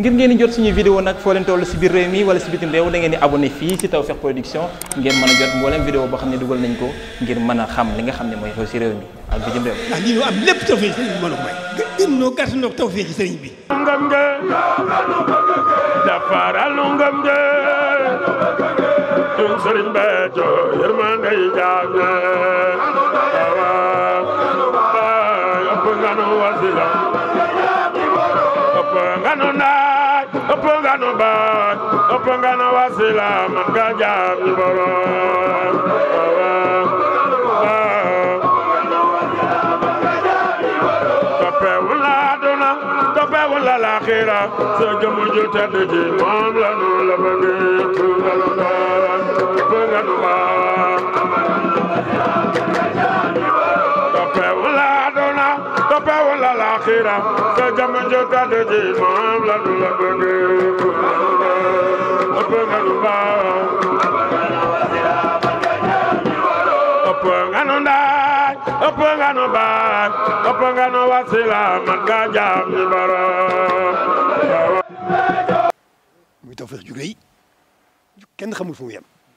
ngir ngeen di jot suñu vidéo nag foo leen toll si biir réew mi wala si bitim réew da ngeen di abonné fii si Tawfekh Production ngeen mën a jot mboolem vidéo boo xam ne dugal nañ ko ngir mën a xam li nga xam ne mooy xew si réew mi ak bitim réew. ndax lii ñu am lépp Tawfekh sëriñ bi mën a may. gën ëpp nga wasila ëpp nga nu ëpp nga nu baat ëpp nga nu wasila man nga jaam ñu borom toppewu la aduna toppewu la laaxira sa jëmu ju tedd ji moom la nu la bëgg la laaxira sa jamono jo tàdd ji maam la du la bëgg ëpp nga nu baaw ëpp nga nu ndaaj ëpp nga nu baaj ëpp nga nu wasila man nga jaam ñi baro muy taw feex ju rëy kenn xamul fu mu yem